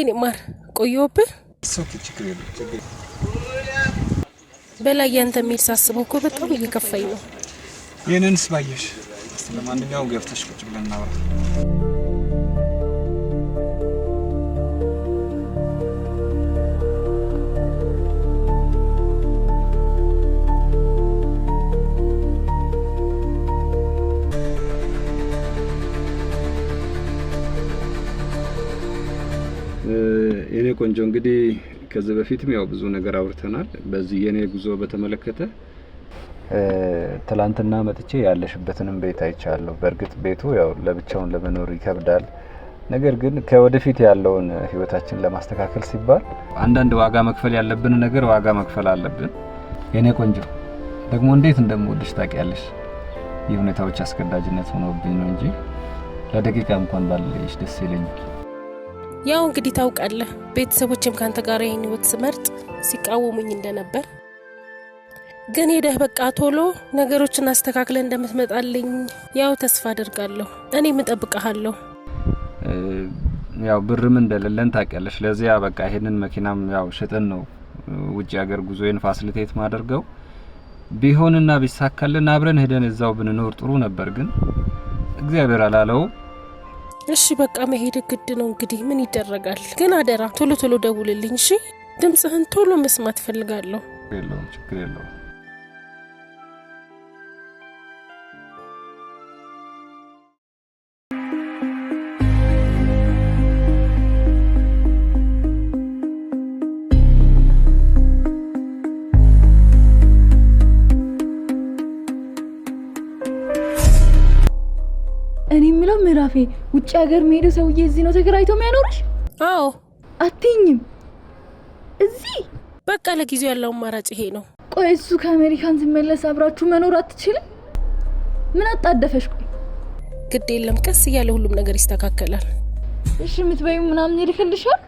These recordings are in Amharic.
የኔ ማር ቆየሁብህ። በላይ ያንተ የሚል ሳስበው እኮ በጣም እየከፋኝ ነው። ይህንንስ ባየሽ። ለማንኛውም ገብተሽ ቁጭ ብለን እናውራ። ቆንጆ እንግዲህ ከዚህ በፊትም ያው ብዙ ነገር አውርተናል። በዚህ የኔ ጉዞ በተመለከተ ትላንትና መጥቼ ያለሽበትንም ቤት አይቻለሁ። በእርግጥ ቤቱ ያው ለብቻውን ለመኖር ይከብዳል። ነገር ግን ከወደፊት ያለውን ህይወታችን ለማስተካከል ሲባል አንዳንድ ዋጋ መክፈል ያለብን ነገር ዋጋ መክፈል አለብን። የኔ ቆንጆ ደግሞ እንዴት እንደምወድሽ ታውቂያለሽ። የሁኔታዎች አስገዳጅነት ሆኖብኝ ነው እንጂ ለደቂቃ እንኳን ባለሽ ደስ ይለኛል። ያው እንግዲህ ታውቃለህ፣ ቤተሰቦችም ከአንተ ጋር ይህን ህይወት ስመርጥ ሲቃወሙኝ እንደነበር ግን ሄደህ በቃ ቶሎ ነገሮችን አስተካክለ እንደምትመጣልኝ ያው ተስፋ አድርጋለሁ። እኔም ምጠብቀሃለሁ ያው ብርም እንደሌለን ታውቂያለሽ። ለዚያ በቃ ይሄንን መኪናም ያው ሽጥን ነው ውጭ ሀገር ጉዞዬን ፋሲሊቴት ማደርገው ቢሆንና ቢሳካልን አብረን ሄደን እዛው ብንኖር ጥሩ ነበር፣ ግን እግዚአብሔር አላለው። እሺ በቃ መሄድ ግድ ነው እንግዲህ ምን ይደረጋል። ግን አደራ ቶሎ ቶሎ ደውልልኝ እሺ። ድምፅህን ቶሎ መስማት ፈልጋለሁ። የለውም ችግር የለውም። ዛፌ ውጭ ሀገር መሄደው ሰውዬ እዚህ ነው ተከራይቶ የሚያኖርሽ? አዎ አትኝም። እዚህ በቃ ለጊዜው ያለው አማራጭ ይሄ ነው። ቆይ እሱ ከአሜሪካን ሲመለስ አብራችሁ መኖር አትችልም? ምን አጣደፈሽ? ቆይ ግድ የለም ቀስ እያለ ሁሉም ነገር ይስተካከላል። እሺ የምትበይው ምናምን ይልክልሻል?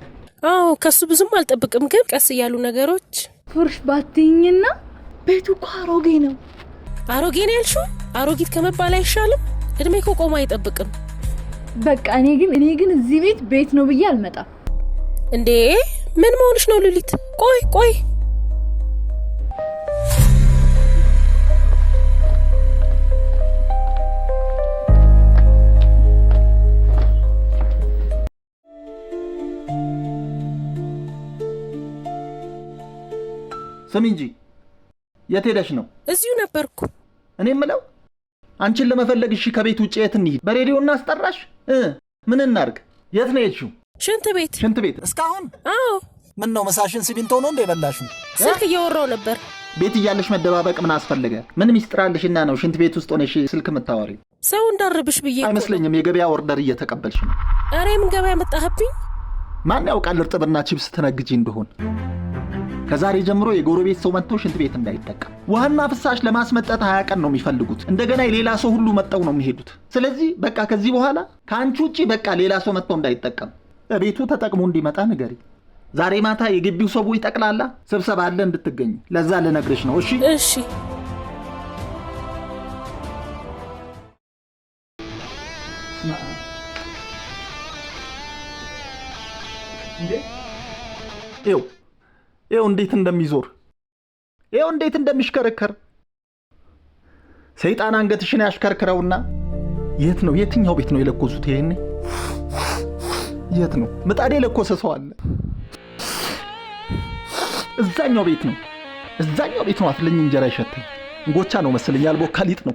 አዎ ከሱ ብዙም አልጠብቅም፣ ግን ቀስ እያሉ ነገሮች ፍርሽ ባትኝና ቤቱ እኮ አሮጌ ነው። አሮጌ ነው ያልሽው? አሮጊት ከመባል አይሻልም? እድሜ እኮ ቆሞ አይጠብቅም። በቃ እኔ ግን እኔ ግን እዚህ ቤት ቤት ነው ብዬ አልመጣም። እንዴ ምን መሆንሽ ነው ሉሊት? ቆይ ቆይ ስሚ እንጂ የት ሄደሽ ነው? እዚሁ ነበርኩ። እኔ የምለው አንቺን ለመፈለግ እሺ፣ ከቤት ውጭ የት እንሂድ? በሬዲዮ እናስጠራሽ? ምን እናርግ? የት ነው የሄድሽው? ሽንት ቤት። ሽንት ቤት እስካሁን? አዎ። ምን ነው ምሳሽን ሲሚንቶ ነው እንደ የበላሽ? ስልክ እየወራው ነበር። ቤት እያለሽ መደባበቅ ምን አስፈለገ? ምን ሚስጥር አለሽና ነው ሽንት ቤት ውስጥ ሆነሽ ስልክ የምታወሪ? ሰው እንዳርብሽ ብዬ አይመስለኝም። የገበያ ኦርደር እየተቀበልሽ ነው። ኧረ ምን ገበያ መጣህብኝ? ማን ያውቃል እርጥብና ቺፕስ ትነግጂ እንደሆን ከዛሬ ጀምሮ የጎረቤት ሰው መጥቶ ሽንት ቤት እንዳይጠቀም። ውሃና ፍሳሽ ለማስመጠጥ ሀያ ቀን ነው የሚፈልጉት። እንደገና የሌላ ሰው ሁሉ መጠው ነው የሚሄዱት። ስለዚህ በቃ ከዚህ በኋላ ከአንቺ ውጭ በቃ ሌላ ሰው መጥቶ እንዳይጠቀም፣ ቤቱ ተጠቅሞ እንዲመጣ ንገሪ። ዛሬ ማታ የግቢው ሰዎች ጠቅላላ ስብሰባ አለ እንድትገኝ፣ ለዛ ልነግርሽ ነው። እሺ እሺ። ይኸው ይኸው እንዴት እንደሚዞር ይኸው እንዴት እንደሚሽከረከር ሰይጣን አንገትሽን ያሽከርክረውና የት ነው የትኛው ቤት ነው የለኮሱት? ይሄኔ የት ነው ምጣድ የለኮሰ ሰው አለ? እዛኛው ቤት ነው እዛኛው ቤት ነው አትለኝ። እንጀራ ይሸተኝ እንጎቻ ነው መሰለኝ። ያልቦካ ሊጥ ነው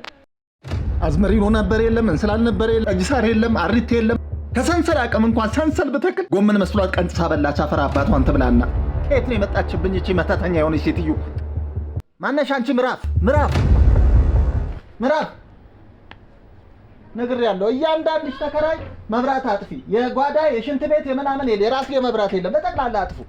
አዝመሪኖ ነበር የለም፣ እንስላል ነበር የለም፣ እጅሳር የለም፣ አሪት የለም። ከሰንሰል አቅም እንኳን ሰንሰል ብተክል ጎመን መስሏት ቀንጭሳ በላች። አፈር አባቷን ትብላና ከየት ነው የመጣችብኝ እቺ መተተኛ የሆነች ሴትዮ? ማነሽ አንቺ? ምራፍ ምራፍ ነግር ያለው እያንዳንድሽ ተከራይ መብራት አጥፊ፣ የጓዳ የሽንት ቤት የምናምን የለ የራሱ የመብራት የለም፣ በጠቅላላ አጥፉ።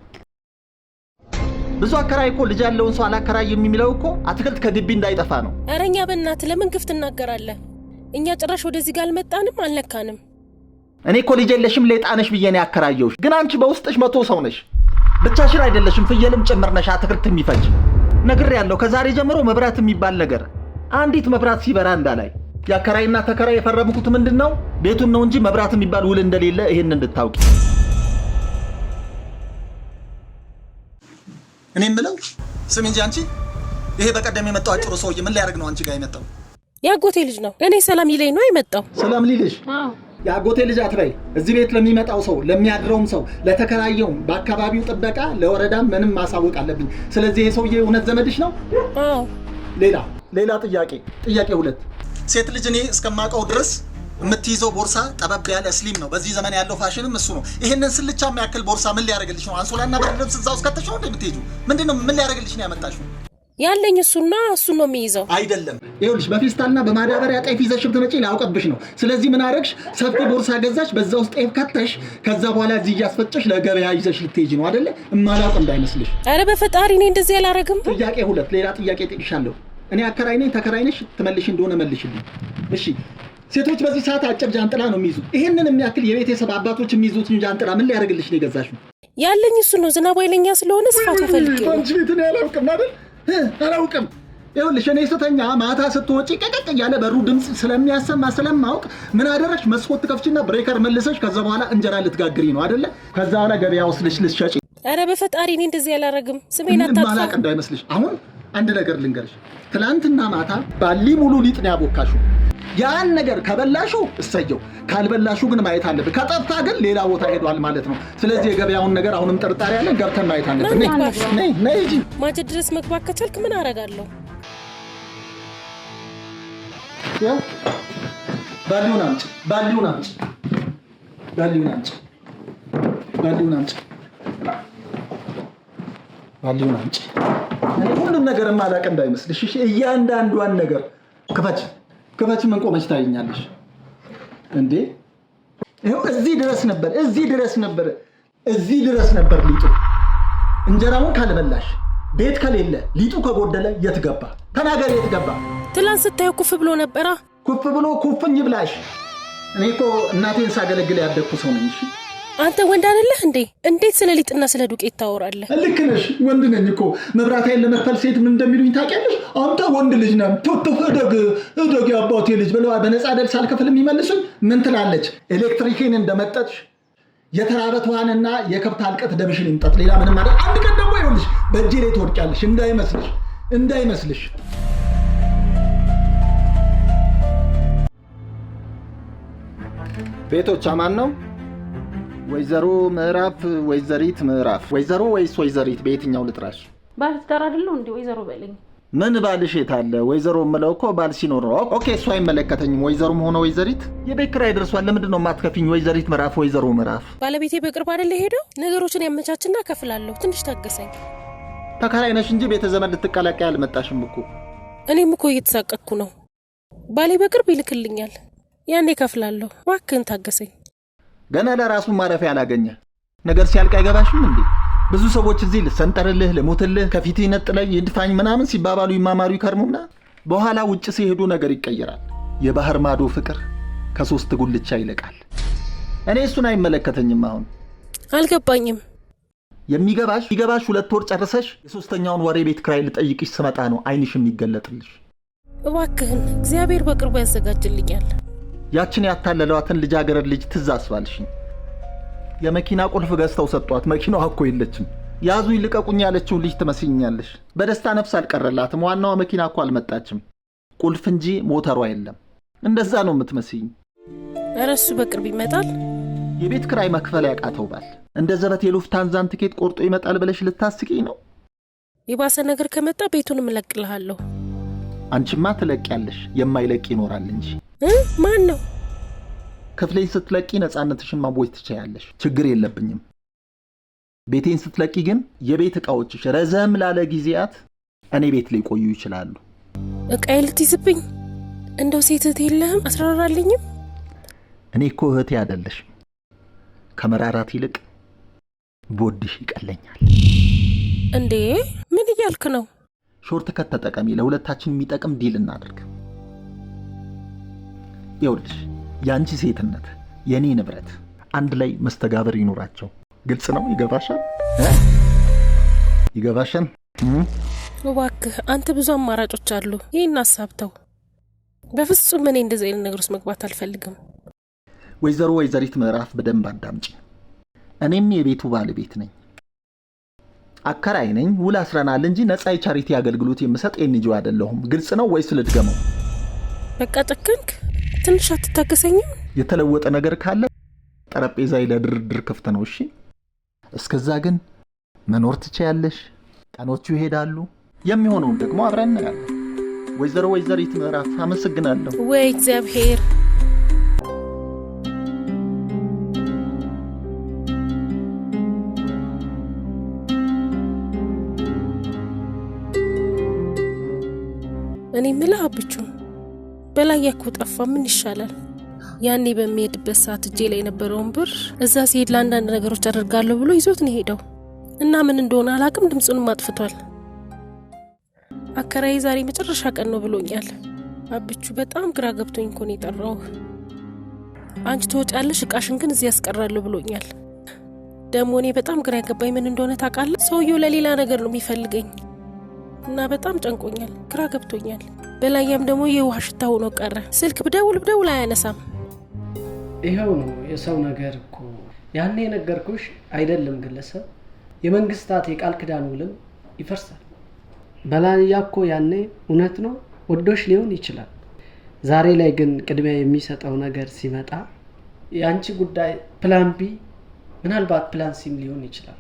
ብዙ አከራይ እኮ ልጅ ያለውን ሰው አላከራይ የሚለው እኮ አትክልት ከግቢ እንዳይጠፋ ነው። ኧረ እኛ በእናት ለምን ክፍት እናገራለን? እኛ ጭራሽ ወደዚህ ጋር አልመጣንም፣ አልነካንም። እኔ እኮ ልጅ የለሽም ሌጣነሽ ብዬ ነው ያከራየውሽ፣ ግን አንቺ በውስጥሽ መቶ ሰው ነሽ። ብቻሽን አይደለሽም፣ ፍየልም ጭምር ነሽ። አትክልት የሚፈጅ ነግር ያለው ከዛሬ ጀምሮ መብራት የሚባል ነገር አንዲት መብራት ሲበራ እንዳላይ። የአከራይና ተከራይ የፈረምኩት ምንድን ነው ቤቱን ነው እንጂ መብራት የሚባል ውል እንደሌለ ይህን እንድታውቂ። እኔ የምለው ስም እንጂ አንቺ ይሄ በቀደም የመጣው አጭሩ ሰውዬ ምን ሊያደርግ ነው አንቺ ጋር የመጣው? ያጎቴ ልጅ ነው። እኔ ሰላም ይለኝ ነው የመጣው። ሰላም ሊልሽ የአጎቴ ልጅ አትበይ። እዚህ ቤት ለሚመጣው ሰው፣ ለሚያድረውም ሰው፣ ለተከራየውም፣ በአካባቢው ጥበቃ፣ ለወረዳም ምንም ማሳወቅ አለብኝ። ስለዚህ ይህ ሰውዬ እውነት ዘመድሽ ነው? ሌላ ሌላ ጥያቄ ጥያቄ ሁለት ሴት ልጅ እኔ እስከማውቀው ድረስ የምትይዘው ቦርሳ ጠበብ ያለ ስሊም ነው። በዚህ ዘመን ያለው ፋሽንም እሱ ነው። ይህንን ስልቻ የሚያክል ቦርሳ ምን ሊያደርግልሽ ነው? አንሶላና ብርድ ልብስ እዛ ውስጥ ከተሽ ነው የምትሄጂው? ምንድን ነው ምን ሊያደርግልሽ ነው ያመጣሽው? ያለኝ እሱና እሱ ነው የሚይዘው። አይደለም ይኸውልሽ፣ በፌስታልና በማዳበሪያ ጤፍ ይዘሽ ብትመጪ ላውቀብሽ ነው። ስለዚህ ምን አደረግሽ? ሰፊ ቦርሳ ገዛሽ፣ በዛ ውስጥ ጤፍ ከተሽ፣ ከዛ በኋላ እዚህ እያስፈጨሽ ለገበያ ይዘሽ ልትሄጂ ነው አደለ? እማላውቅ እንዳይመስልሽ። አረ በፈጣሪ እኔ እንደዚህ አላረግም። ጥያቄ ሁለት፣ ሌላ ጥያቄ ጥቅሻለሁ። እኔ አከራይ ነኝ፣ ተከራይ ነሽ፣ ትመልሽ እንደሆነ መልሽልኝ። እሺ ሴቶች በዚህ ሰዓት አጭር ጃንጥላ ነው የሚይዙት። ይህንን የሚያክል የቤተሰብ አባቶች የሚይዙትን ጃንጥላ ምን ሊያደርግልሽ ነው የገዛሽው? ያለኝ እሱ ነው። ዝናብ ኃይለኛ ስለሆነ ስፋት ፈልጌ ነው እንጂ እንትን ያላውቅም አይደል አላውቅም። ይኸውልሽ እኔ ስተኛ ማታ ስትወጪ ቀቀቅ እያለ በሩ ድምፅ ስለሚያሰማ ስለማውቅ ምን አደረግሽ፣ መስኮት ትከፍችና ብሬከር መልሰሽ፣ ከዛ በኋላ እንጀራ ልትጋግሪ ነው አደለ? ከዛ በኋላ ገበያ ወስደሽ ልትሸጪ። ኧረ በፈጣሪ እኔ እንደዚህ አላረግም። ስሜን አታላቅ እንዳይመስልሽ። አሁን አንድ ነገር ልንገርሽ። ትላንትና ማታ ባሊ ሙሉ ሊጥ ነው ያቦካሽው ያን ነገር ከበላሹ እሰየው፣ ካልበላሹ ግን ማየት አለብን። ከጠፍታ ግን ሌላ ቦታ ሄዷል ማለት ነው። ስለዚህ የገበያውን ነገር አሁንም ጥርጣሬ ያለን ገብተን ማየት አለብን። ነይ ማጀት ድረስ መግባት ከቻልክ ምን አረጋለሁ? ባሊውን አምጪ፣ ባሊውን አምጪ፣ ባሊውን አምጪ፣ ባሊውን አምጪ፣ ባሊውን አምጪ። ሁሉም ነገር ማላቅ እንዳይመስልሽ፣ እያንዳንዷን ነገር ክፈች ክፈች መንቆመች ታይኛለሽ እንዴ? ይኸው እዚህ ድረስ ነበር፣ እዚህ ድረስ ነበር፣ እዚህ ድረስ ነበር ሊጡ። እንጀራውን ካልበላሽ ቤት ከሌለ ሊጡ ከጎደለ የት ገባ? ተናገር፣ የት ገባ? ትላንት ስታየው ኩፍ ብሎ ነበራ። ኩፍ ብሎ ኩፍኝ ብላሽ። እኔ እኮ እናቴን ሳገለግል ያደግኩ ሰው ነኝ። አንተ ወንድ አይደለህ እንዴ? እንዴት ስለ ሊጥና ስለ ዱቄት ታወራለህ? ልክ ነሽ፣ ወንድ ነኝ እኮ መብራታዬን ለመክፈል ሴት ምን እንደሚሉኝ ታውቂያለሽ? አንተ ወንድ ልጅ ነህ፣ ቶቶፍ እደግ እደግ የአባቴ ልጅ ብለዋ በነፃ ደል ሳልከፍል የሚመልሱኝ ምን ትላለች? ኤሌክትሪክን እንደመጠጥሽ የተራበት ውሃንና የከብት አልቀት ደምሽን ይምጠጥ። ሌላ ምንም ማለት አንድ ቀን ደግሞ ይሆንሽ በእጄ ላይ ትወድቂያለሽ። እንዳይመስልሽ እንዳይመስልሽ ቤቶች አማን ነው ወይዘሮ ምዕራፍ ወይዘሪት ምዕራፍ ወይዘሮ ወይስ ወይዘሪት በየትኛው ልጥራሽ? ባለትዳር አይደለሁ እንዴ? ወይዘሮ በለኝ። ምን ባልሽ የታለ? ወይዘሮ የምለው እኮ ባል ሲኖር ነው። ኦኬ፣ እሱ አይመለከተኝም። ወይዘሮም ሆነ ወይዘሪት የቤት ኪራይ ደርሷል። ለምንድን ነው የማትከፊኝ? ወይዘሪት ምዕራፍ፣ ወይዘሮ ምዕራፍ። ባለቤቴ በቅርብ አይደለ ሄደው ነገሮችን ያመቻችና እከፍላለሁ። ትንሽ ታገሰኝ። ተከራይ ነሽ እንጂ ቤተዘመን ዘመድ ልትቀላቀይ አልመጣሽም እኮ። እኔም እኮ እየተሳቀቅኩ ነው። ባሌ በቅርብ ይልክልኛል፣ ያኔ እከፍላለሁ። እባክህን ታገሰኝ። ገና ለራሱ ማረፊያ አላገኘ ነገር ሲያልቅ አይገባሽም እንዴ? ብዙ ሰዎች እዚህ ልሰንጠርልህ፣ ልሞትልህ፣ ከፊት ነጥለኝ፣ ይድፋኝ ምናምን ሲባባሉ ይማማሩ ይከርሙና በኋላ ውጭ ሲሄዱ ነገር ይቀየራል። የባህር ማዶ ፍቅር ከሶስት ጉልቻ ይልቃል። እኔ እሱን አይመለከተኝም። አሁን አልገባኝም። የሚገባሽ ይገባሽ ሁለት ወር ጨርሰሽ የሶስተኛውን ወሬ ቤት ክራይ ልጠይቅሽ ስመጣ ነው አይንሽ የሚገለጥልሽ። እባክህን እግዚአብሔር በቅርቡ ያዘጋጅልኛል። ያችን ያታለለዋትን ልጃገረድ ልጅ ትዝ አስባልሽኝ። የመኪና ቁልፍ ገዝተው ሰጧት። መኪናዋ እኮ የለችም። ያዙ ይልቀቁኝ ያለችው ልጅ ትመስኛለሽ። በደስታ ነፍስ አልቀረላትም። ዋናዋ መኪና እኮ አልመጣችም፣ ቁልፍ እንጂ ሞተሯ የለም። እንደዛ ነው የምትመስኝ። ኧረ እሱ በቅርብ ይመጣል። የቤት ክራይ መክፈል ያቃተው ባል እንደ ዘበት የሉፍታንዛን ትኬት ቆርጦ ይመጣል ብለሽ ልታስቂኝ ነው? የባሰ ነገር ከመጣ ቤቱን እለቅልሃለሁ። አንቺማ ትለቂያለሽ፣ የማይለቅ ይኖራል እንጂ ማን ነው? ክፍሌን ስትለቂ ነፃነትሽን ማቦይ ትችያለሽ፣ ችግር የለብኝም። ቤቴን ስትለቂ ግን የቤት እቃዎችሽ ረዘም ላለ ጊዜያት እኔ ቤት ሊቆዩ ይችላሉ። ዕቃዬ ልትይዝብኝ? እንደው ሴት እህት የለህም አስራራልኝም? እኔ እኮ እህቴ አይደለሽም። ከመራራት ይልቅ ቦድሽ ይቀለኛል። እንዴ ምን እያልክ ነው? ሾርት ከት ተጠቀሚ፣ ለሁለታችን የሚጠቅም ዲል እናድርግ። ይኸውልሽ የአንቺ ሴትነት የእኔ ንብረት አንድ ላይ መስተጋበር ይኖራቸው። ግልጽ ነው። ይገባሻል? ይገባሻል? እባክህ አንተ ብዙ አማራጮች አሉ። ይህን ሀሳብ ተው። በፍጹም እኔ እንደዚህ አይነት ነገር ውስጥ መግባት አልፈልግም። ወይዘሮ ወይዘሪት ምዕራፍ በደንብ አዳምጪ። እኔም የቤቱ ባለቤት ነኝ። አከራይ ነኝ፣ ውል አስረናል እንጂ ነጻ የቻሪቲ አገልግሎት የምሰጥ ኤንጂኦ አይደለሁም። ግልጽ ነው ወይስ ልድገመው? በቃ ጨከንክ። ትንሽ አትታገሰኝም? የተለወጠ ነገር ካለ ጠረጴዛ ለድርድር ክፍት ነው። እሺ፣ እስከዛ ግን መኖር ትችያለሽ። ቀኖቹ ይሄዳሉ፣ የሚሆነውን ደግሞ አብረን እናያለን። ወይዘሮ ወይዘሪት ምዕራፍ አመሰግናለሁ። ወይ እግዚአብሔር እኔ ምልህ አብቹ በላይ ያኮ ጠፋ፣ ምን ይሻላል? ያኔ በሚሄድበት ሰዓት እጄ ላይ የነበረውን ብር እዛ ሲሄድ ለአንዳንድ ነገሮች አደርጋለሁ ብሎ ይዞት ነው ሄደው እና ምን እንደሆነ አላቅም፣ ድምፁንም አጥፍቷል። አከራዬ ዛሬ መጨረሻ ቀን ነው ብሎኛል። አብቹ በጣም ግራ ገብቶኝ እኮ ነው የጠራው። አንቺ ትወጫለሽ እቃሽን ግን እዚህ ያስቀራለሁ ብሎኛል። ደግሞ እኔ በጣም ግራ ያገባኝ ምን እንደሆነ ታውቃለህ? ሰውየው ለሌላ ነገር ነው የሚፈልገኝ እና በጣም ጨንቆኛል፣ ግራ ገብቶኛል። በላያም ደግሞ የውሃ ሽታ ሆኖ ቀረ። ስልክ ብደውል ብደውል አያነሳም። ይኸው ነው የሰው ነገር እኮ። ያኔ የነገርኩሽ አይደለም ግለሰብ፣ የመንግስታት የቃል ክዳን ውልም ይፈርሳል። በላያ እኮ ያኔ እውነት ነው ወዶሽ ሊሆን ይችላል። ዛሬ ላይ ግን ቅድሚያ የሚሰጠው ነገር ሲመጣ የአንቺ ጉዳይ ፕላን ቢ ምናልባት ፕላን ሲም ሊሆን ይችላል።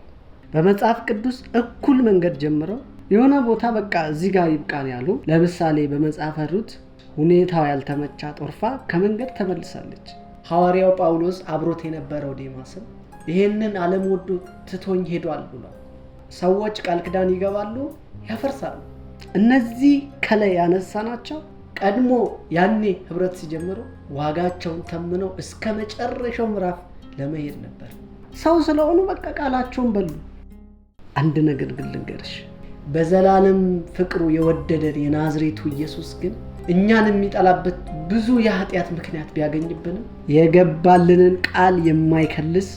በመጽሐፍ ቅዱስ እኩል መንገድ ጀምረው የሆነ ቦታ በቃ እዚህ ጋር ይብቃን ያሉ። ለምሳሌ በመጽሐፈ ሩት ሁኔታው ያልተመቻ ጦርፋ ከመንገድ ተመልሳለች። ሐዋርያው ጳውሎስ አብሮት የነበረው ዴማስም ይህንን ዓለም ወዶ ትቶኝ ሄዷል ብሏል። ሰዎች ቃል ክዳን ይገባሉ፣ ያፈርሳሉ። እነዚህ ከላይ ናቸው። ቀድሞ ያኔ ህብረት ሲጀምሩ ዋጋቸውን ተምነው እስከ መጨረሻው ምዕራፍ ለመሄድ ነበር። ሰው ስለሆኑ በቃ ቃላቸውን በሉ። አንድ ነገር ግን ልንገርሽ በዘላለም ፍቅሩ የወደደን የናዝሬቱ ኢየሱስ ግን እኛን የሚጠላበት ብዙ የኃጢአት ምክንያት ቢያገኝብንም የገባልንን ቃል የማይከልስ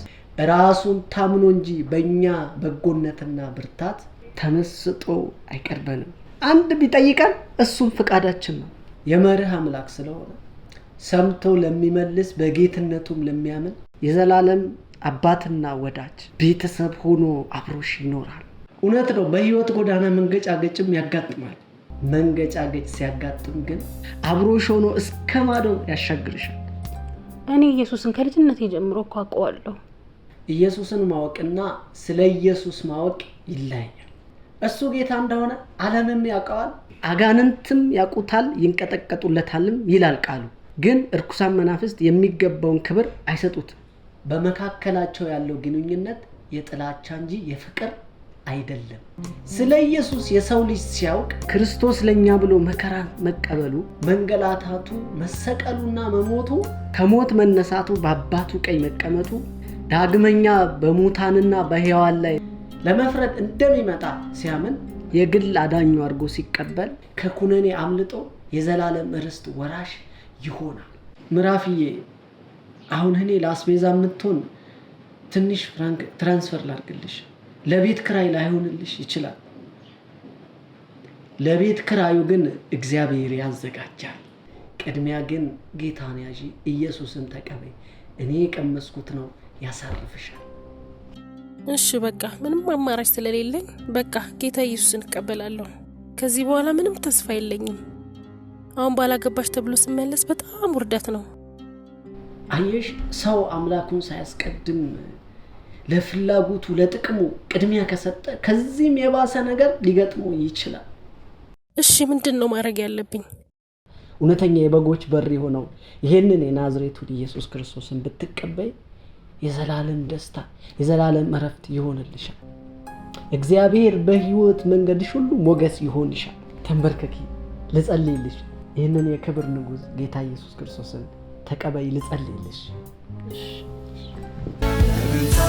ራሱን ታምኖ እንጂ በእኛ በጎነትና ብርታት ተመስጦ አይቀርበንም። አንድ ቢጠይቀን እሱም ፍቃዳችን ነው። የመርህ አምላክ ስለሆነ ሰምቶ ለሚመልስ በጌትነቱም ለሚያምን የዘላለም አባትና ወዳጅ ቤተሰብ ሆኖ አብሮሽ ይኖራል። እውነት ነው። በህይወት ጎዳና መንገጫገጭም ያጋጥማል። መንገጫገጭ ሲያጋጥም ግን አብሮሽ ሆኖ እስከ ማዶ ያሻግርሻል። እኔ ኢየሱስን ከልጅነት ጀምሮ እኮ አውቀዋለሁ። ኢየሱስን ማወቅና ስለ ኢየሱስ ማወቅ ይለያል። እሱ ጌታ እንደሆነ ዓለምም ያውቀዋል፣ አጋንንትም ያውቁታል፣ ይንቀጠቀጡለታልም ይላል ቃሉ። ግን እርኩሳን መናፍስት የሚገባውን ክብር አይሰጡትም። በመካከላቸው ያለው ግንኙነት የጥላቻ እንጂ የፍቅር አይደለም። ስለ ኢየሱስ የሰው ልጅ ሲያውቅ ክርስቶስ ለእኛ ብሎ መከራ መቀበሉ፣ መንገላታቱ፣ መሰቀሉና መሞቱ፣ ከሞት መነሳቱ፣ በአባቱ ቀኝ መቀመጡ፣ ዳግመኛ በሙታንና በሕያዋን ላይ ለመፍረድ እንደሚመጣ ሲያምን የግል አዳኙ አድርጎ ሲቀበል ከኩነኔ አምልጦ የዘላለም ርስት ወራሽ ይሆናል። ምዕራፍዬ አሁን እኔ ለአስቤዛ የምትሆን ትንሽ ትራንስፈር ላርግልሽ። ለቤት ክራይ ላይሆንልሽ ይችላል። ለቤት ክራዩ ግን እግዚአብሔር ያዘጋጃል። ቅድሚያ ግን ጌታን ያዥ ኢየሱስን ተቀበይ። እኔ የቀመስኩት ነው ያሳርፍሻል። እሺ በቃ ምንም አማራጭ ስለሌለኝ በቃ ጌታ ኢየሱስን እቀበላለሁ። ከዚህ በኋላ ምንም ተስፋ የለኝም። አሁን ባላገባሽ ተብሎ ስመለስ በጣም ውርደት ነው። አየሽ ሰው አምላኩን ሳያስቀድም ለፍላጎቱ ለጥቅሙ ቅድሚያ ከሰጠ ከዚህም የባሰ ነገር ሊገጥሞ ይችላል። እሺ ምንድን ነው ማድረግ ያለብኝ? እውነተኛ የበጎች በር የሆነው ይህንን የናዝሬቱን ኢየሱስ ክርስቶስን ብትቀበይ የዘላለም ደስታ የዘላለም እረፍት ይሆንልሻል። እግዚአብሔር በሕይወት መንገድሽ ሁሉ ሞገስ ይሆንሻል። ተንበርከኪ፣ ልጸልይልሽ። ይህንን የክብር ንጉሥ ጌታ ኢየሱስ ክርስቶስን ተቀበይ፣ ልጸልይልሽ። አቤት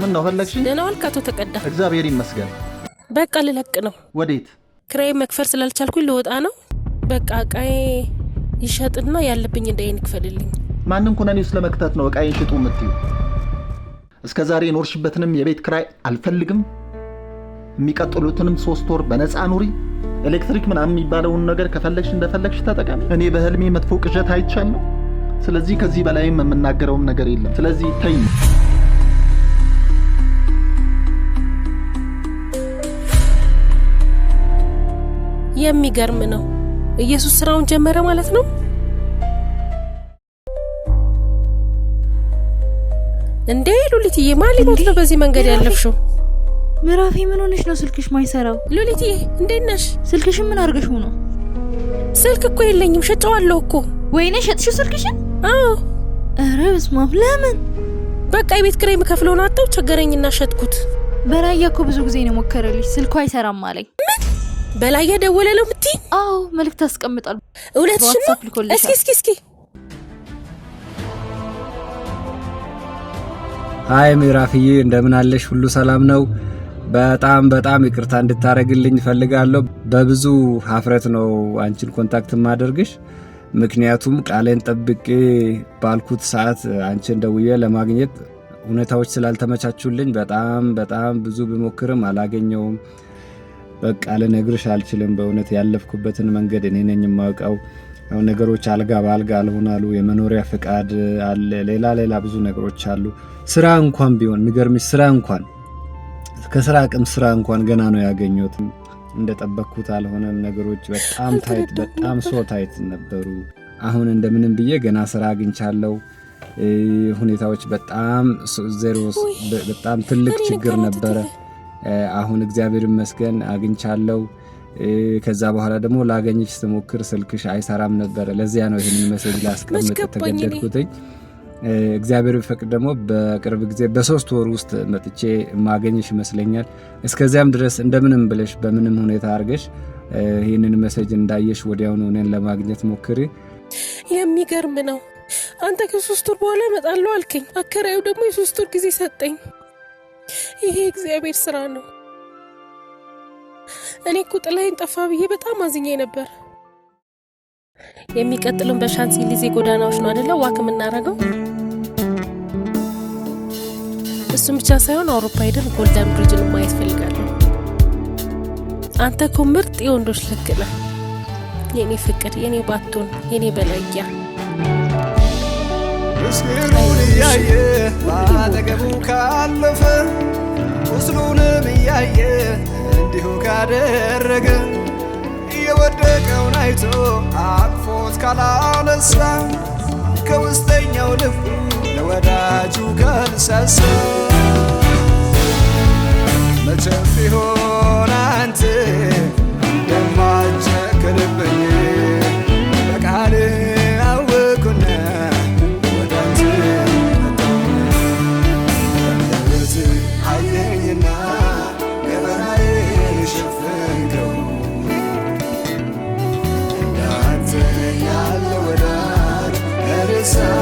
ምን ነው ፈለግሽኝ? ደህና ዋልክ አቶ ተቀዳ? እግዚአብሔር ይመስገን። በቃ ልለቅ ነው። ወዴት? ክራይ መክፈል ስላልቻልኩኝ ልወጣ ነው። በቃ እቃዬ ይሸጥና ያለብኝ እንዳይን ክፈልልኝ። ማንም ኩነኔ ውስጥ ለመክተት ነው እቃ ሽጡ የምትዩ? እስከ ዛሬ የኖርሽበትንም የቤት ክራይ አልፈልግም፣ የሚቀጥሉትንም ሶስት ወር በነፃ ኑሪ፣ ኤሌክትሪክ ምናምን የሚባለውን ነገር ከፈለግሽ እንደፈለግሽ ተጠቀሚ። እኔ በህልሜ መጥፎ ቅዠት አይቻለሁ። ስለዚህ ከዚህ በላይም የምናገረውም ነገር የለም። ስለዚህ ተይ። የሚገርም ነው። ኢየሱስ ስራውን ጀመረ ማለት ነው። እንዴ ሉሊትዬ፣ ማን ሊሞት ነው በዚህ መንገድ ያለፍሽው? ምዕራፌ፣ ምን ሆነሽ ነው ስልክሽ ማይሰራው? ሉሊትዬ፣ እንዴት ነሽ? ስልክሽን ምን አድርገሽው ነው? ስልክ እኮ የለኝም፣ ሸጨዋለሁ እኮ። ወይኔ፣ ሸጥሽው ስልክሽን? አዎ። ኧረ በስመ አብ! ለምን? በቃ የቤት ኪራይ የምከፍለውን አጣው ቸገረኝና ሸጥኩት። በራያ እኮ ብዙ ጊዜ ነው ሞከረልሽ፣ ስልኩ አይሰራም አለኝ። በላይ እየደወለ ነው የምትይ? አዎ መልዕክት ያስቀምጣል። እውነትሽን ነው? እስኪ እስኪ እስኪ ሀይ ምዕራፍዬ፣ እንደምን አለሽ? ሁሉ ሰላም ነው? በጣም በጣም ይቅርታ እንድታረግልኝ እፈልጋለሁ። በብዙ ሀፍረት ነው አንቺን ኮንታክት ማደርግሽ። ምክንያቱም ቃሌን ጠብቄ ባልኩት ሰዓት አንቺን ደውዬ ለማግኘት ሁኔታዎች ስላልተመቻቹልኝ በጣም በጣም ብዙ ብሞክርም አላገኘውም። በቃ ልነግርሽ አልችልም። በእውነት ያለፍኩበትን መንገድ እኔ ነኝ የማውቀው። ያው ነገሮች አልጋ በአልጋ አልሆናሉ። የመኖሪያ ፍቃድ አለ፣ ሌላ ሌላ ብዙ ነገሮች አሉ። ስራ እንኳን ቢሆን የሚገርምሽ ስራ እንኳን ከስራ አቅም ስራ እንኳን ገና ነው ያገኘሁት። እንደጠበቅኩት አልሆነም። ነገሮች በጣም ታይት፣ በጣም ሶ ታይት ነበሩ። አሁን እንደምንም ብዬ ገና ስራ አግኝቻለሁ። ሁኔታዎች በጣም ዜሮ፣ በጣም ትልቅ ችግር ነበረ። አሁን እግዚአብሔር ይመስገን አግኝቻለሁ። ከዛ በኋላ ደግሞ ላገኝሽ ስሞክር ስልክሽ አይሰራም ነበረ። ለዚያ ነው ይህንን መሴጅ ላስቀምጥ ተገደድኩትኝ። እግዚአብሔር ቢፈቅድ ደግሞ በቅርብ ጊዜ በሶስት ወር ውስጥ መጥቼ ማገኝሽ ይመስለኛል። እስከዚያም ድረስ እንደምንም ብለሽ በምንም ሁኔታ አድርገሽ ይህንን መሴጅ እንዳየሽ ወዲያውኑ እኔን ለማግኘት ሞክሪ። የሚገርም ነው። አንተ ከሶስት ወር በኋላ እመጣለሁ አልከኝ። አከራዩ ደግሞ የሶስት ወር ጊዜ ሰጠኝ። ይሄ እግዚአብሔር ስራ ነው። እኔ እኮ ጥላዬን ጠፋ ብዬ በጣም አዝኜ ነበር። የሚቀጥልን ሊዜ ጎዳናዎች ነው አደለ ዋክ የምናደርገው እሱም ብቻ ሳይሆን አውሮፓ ሄደን ጎልደን ብሪጅን ማየት ፈልጋለሁ። አንተ እኮ ምርጥ የወንዶች ልክ ነህ። የኔ ፍቅር፣ የኔ ባቶን፣ የኔ በላያ ምስኪኑን እያየ ባጠገቡ ካለፈ ቁስሉንም እያየ እንዲሁ ካደረገ የወደቀውን አይቶ አቅፎት ካላነሳ ከውስጠኛው ልቡ ለወዳጁ ካልሳሳ መቼም ቢሆን አንተ desire.